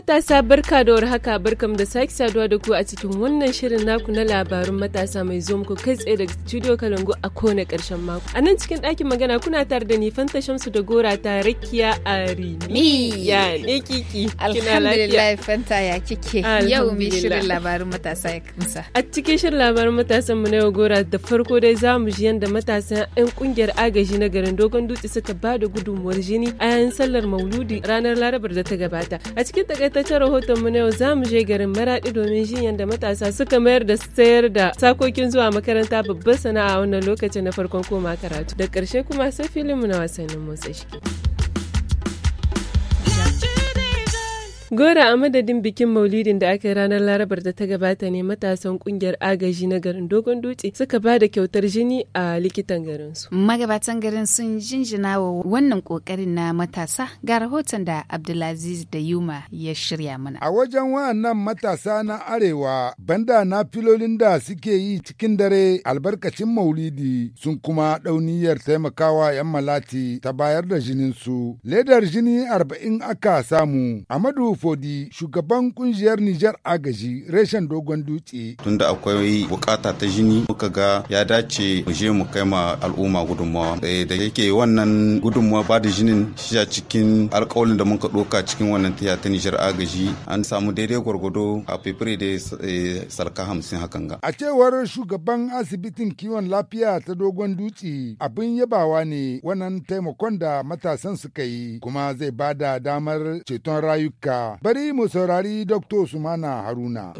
matasa barka da warhaka barkam da sake saduwa da ku a cikin wannan shirin naku na labarun matasa mai zo muku kai tsaye daga studio Kalangu a kone karshen mako. A nan cikin ɗakin magana kuna tare da ni Fanta Shamsu da Gora ta Rakiya a rimi ya ne kiki. Alhamdulillah Fanta ya kike. Yau mai shirin labarun matasa ya kamsa. A cikin shirin labarun matasan mu na yau Gora da farko dai za mu ji yadda matasan 'yan kungiyar agaji na garin Dogon Dutse suka bada da gudunmuwar jini a yayin sallar Mauludi ranar Larabar da ta gabata. A cikin takaitaccen rahoton mu na yau za mu je garin maraɗi domin jin yadda matasa suka mayar da sayar da sakokin zuwa makaranta babbar sana'a wannan lokacin na farkon koma karatu. Da karshe kuma sai filin mu na wasannin motsa shi. Gora a madadin bikin maulidin da aka yi ranar Larabar da ta gabata ne matasan kungiyar agaji na garin Dogon Dutse suka ba da kyautar jini a likitan garin su. Magabatan garin sun jinjina wa wannan kokarin na matasa ga rahoton da Abdulaziz da Yuma ya shirya mana. A wajen wannan matasa na arewa banda na filolin da suke yi cikin dare albarkacin maulidi sun kuma dauniyar taimakawa 'yan malati ta bayar da jinin su. Ledar jini arba'in aka samu. Amadu Fodi, shugaban kungiyar Nijar Agaji, reshen dogon dutse. Tunda akwai bukata ta jini muka ga ya dace mu je mu kai ma al'umma gudunmawa. Eh, da yake wannan gudunmawa ba da jinin shi a cikin alkawalin da muka doka cikin wannan tiya ta Nijar Agaji an samu daidai gwargwado a fefere da eh, salka hamsin hakan ga. A cewar shugaban asibitin kiwon lafiya ta dogon dutse abin yabawa ne wannan taimakon da matasan suka yi kuma zai bada damar ceton rayuka Bari mu saurari Dr. Sumana Haruna.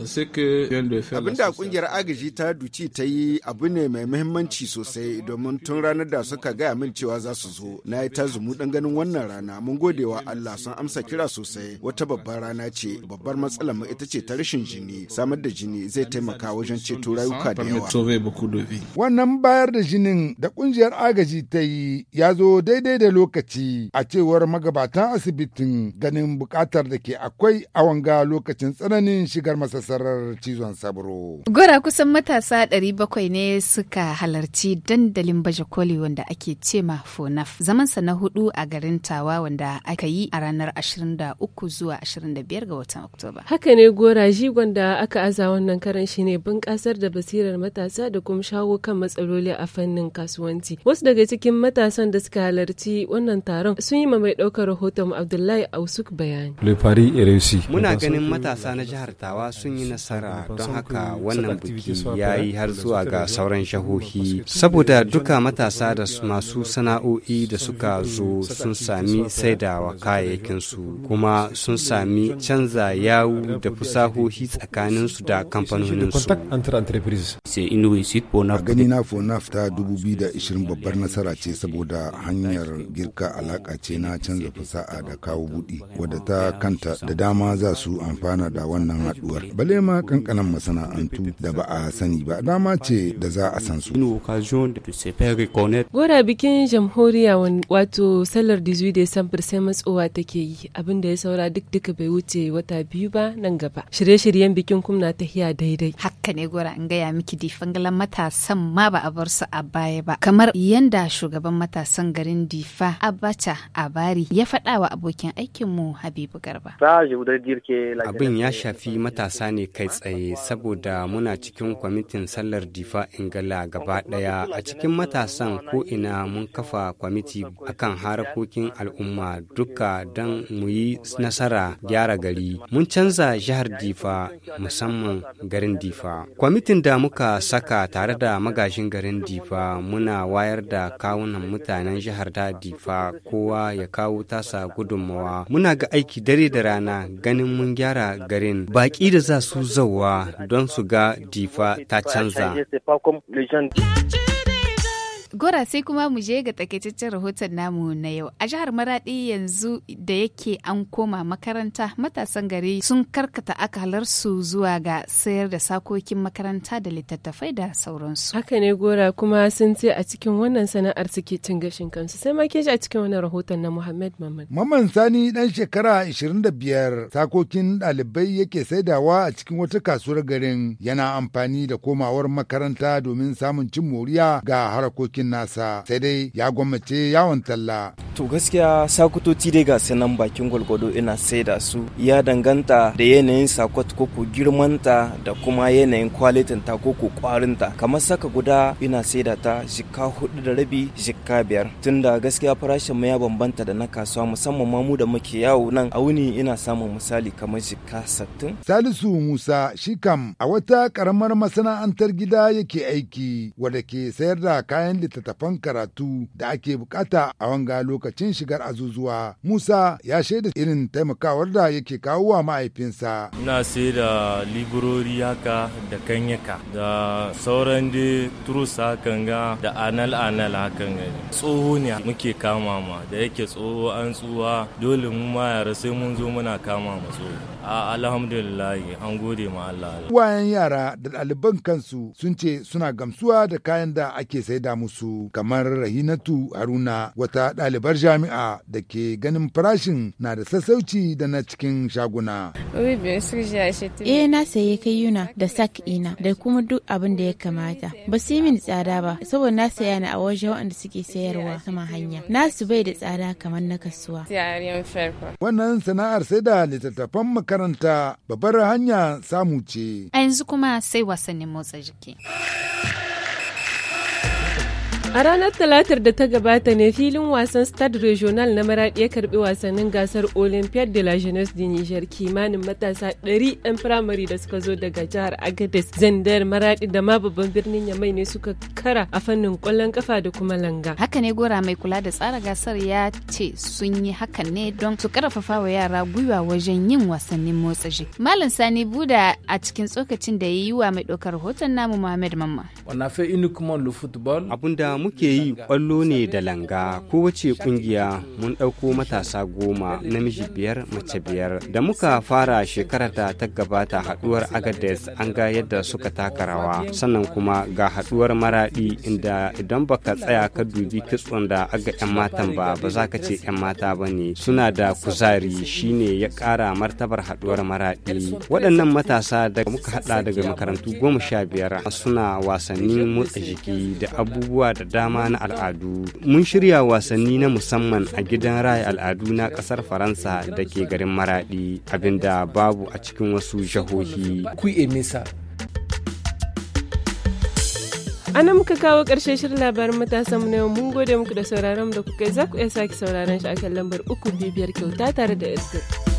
Abinda kungiyar agaji ta duci ta yi abu ne mai muhimmanci sosai domin tun ranar da suka gaya min cewa za su zo. Na yi ta zumu dan ganin wannan rana mun gode wa Allah san amsa kira sosai wata babbar rana ce babbar matsalar mu ita ce ta rashin jini samar da jini zai taimaka wajen ceto rayuka da yawa. Wannan bayar da jinin da kungiyar agaji ta yi ya zo daidai da lokaci a cewar magabatan asibitin ganin bukatar da ke akwai a wanga lokacin tsananin shigar masasarar cizon sabro. Gora kusan matasa 700 ne suka halarci dandalin baje koli wanda ake ce ma FONAF. Zamansa na hudu a garin Tawa wanda aka yi a ranar 23 zuwa 25 ga watan Oktoba. Haka ne Gora ji da aka aza wannan karan shi ne bunƙasar da basirar matasa da kuma shawo kan matsaloli a fannin kasuwanci. Wasu daga cikin matasan da suka halarci wannan taron sun yi ma mai ɗaukar rahoton Abdullahi Ausuk bayani. Muna ganin matasa na jihar Tawa sun yi nasara don haka wannan biki ya yi har zuwa ga sauran shahohi. Saboda duka matasa da masu sana'o'i da suka zo sun sami saidawa kayayyakinsu kuma sun sami canza yawu da fasahohi tsakaninsu da kamfanoninsu. Gani na FONAF ta 2020 babbar nasara ce saboda hanyar girka alaka ce na canza fasaha da kawo buɗi wadda ta kanta da dama za su amfana da wannan haduwar Bale ma kankanan masana'antu da ba a sani ba dama ce da za a san su. Gora bikin jamhuriya wato sallar 18 Desambar sai matsowa take yi abin da ya saura duk duka bai wuce wata biyu ba nan gaba. Shirye-shiryen bikin kumna ta hiya daidai. Haka ne gora an gaya miki difangalan matasan ma ba a bar su a baya ba. Kamar yanda shugaban matasan garin Difa Abacha Abari ya faɗawa wa abokin aikinmu Habibu Garba. Abin ya shafi matasa ne kai tsaye saboda muna cikin kwamitin sallar difa ingala gaba ɗaya a cikin matasan ko ina mun kafa kwamiti akan harakokin al'umma duka don mu yi nasara gyara gari. Mun canza jihar difa musamman garin difa. Kwamitin da muka saka tare da magajin garin difa muna wayar da kawunan mutanen jihar ta difa kowa ya kawo tasa gudunmawa. Muna ga aiki dare da rana ganin mun gyara garin baƙi da za su zauwa don su ga difa ta canza. Gora sai kuma mu je ga takaitaccen rahoton namu na yau. A jihar Maradi yanzu da yake an koma makaranta matasan gari sun karkata akalarsu zuwa ga sayar da sakokin makaranta da littattafai da sauransu. Haka ne Gora kuma sun ce a cikin wannan sana'ar suke cin gashin kansu. Sai ma ke a cikin wannan rahoton na Muhammad Maman. mamman Sani dan shekara 25 sakokin ɗalibai yake saidawa a cikin wata kasuwar garin yana amfani da komawar makaranta domin samun cin moriya ga harakokin aikin nasa sai dai ya gwamnati yawon talla. To gaskiya sakutoci dai ga sanan bakin gwalgwado ina sai da su ya danganta da yanayin sakot koko girmanta da kuma yanayin kwalitin ta koko kwarinta kamar saka guda ina saida ta jika hudu da rabi jika biyar tunda gaskiya farashin mu ya bambanta da na kasuwa musamman ma mu da muke yawo nan a wuni ina samun misali kamar jika sattin. Salisu Musa shi kam a wata karamar masana'antar gida yake aiki wadda ke sayar da kayan littattafan karatu da ake bukata a wanga lokacin shigar azuzuwa. Musa ya shaida irin taimakawar da yake kawo wa mahaifinsa. Ina sai da liburori haka da kanyaka da sauran da turus hakan ga da anal anal hakan ga. Tsoho ne muke kama ma da yake tsoho an tsuwa dole mu ma yara sai mun zo muna kama ma tsoho. alhamdulillahi an gode ma Allah. Wayan yara da ɗaliban kansu sun ce suna gamsuwa da kayan da ake saida musu kamar Rahinatu Haruna wata ɗalibar jami'a da ke ganin farashin na da sassauci da na cikin shaguna. Eh na saye yuna da sak ina da kuma duk abin da ya kamata. Ba su yi mini tsada ba saboda na saya ni a wajen waɗanda suke sayarwa sama hanya. na su bai da tsada kamar na kasuwa. Wannan sana'ar sai da littattafan makarantar karanta babbar hanya samu ce. A yanzu kuma sai wasannin motsa jiki. A ranar Talatar da ta gabata ne filin wasan Stade Regional na maraɗi ya karbi wasannin gasar Olympiade de la Jeunesse de Niger kimanin matasa 100 'yan firamare da suka zo daga jihar Agadez, Zandar, maraɗi da ma babban birnin Yamai ne suka kara a fannin kwallon kafa da kuma langa. Haka ne gora mai kula da tsara gasar ya ce sun yi hakan ne don su karfafa wa yara gwiwa wajen yin wasannin motsa jiki. Malam Sani Buda a cikin tsokacin da ya yi wa mai ɗaukar hoton namu Muhammad Mamma. kuma football. Abunda muke yi kwallo ne da langa kowace kungiya mun ɗauko matasa goma namiji biyar mace biyar da muka fara shekarar da ta gabata haduwar agades an ga yadda suka taka rawa sannan kuma ga haduwar maradi inda idan baka tsaya ka dubi kitson da aga yan matan ba ba za ka ce yan mata ba ne suna da kuzari shine ya ƙara martabar haduwar maradi waɗannan matasa da muka hada daga makarantu goma sha biyar suna wasannin motsa jiki da abubuwa da dama na al'adu. Mun shirya wasanni na musamman a gidan raya al'adu na kasar Faransa da ke garin Maraɗi abinda babu a cikin wasu a ana muka kawo ƙarshen shirin labarin matasanmu na yau mun gode muku da sauraron da kuka yi za ku iya sake sauraron shi a kan lambar uku bibiyar kyauta tare da iskar.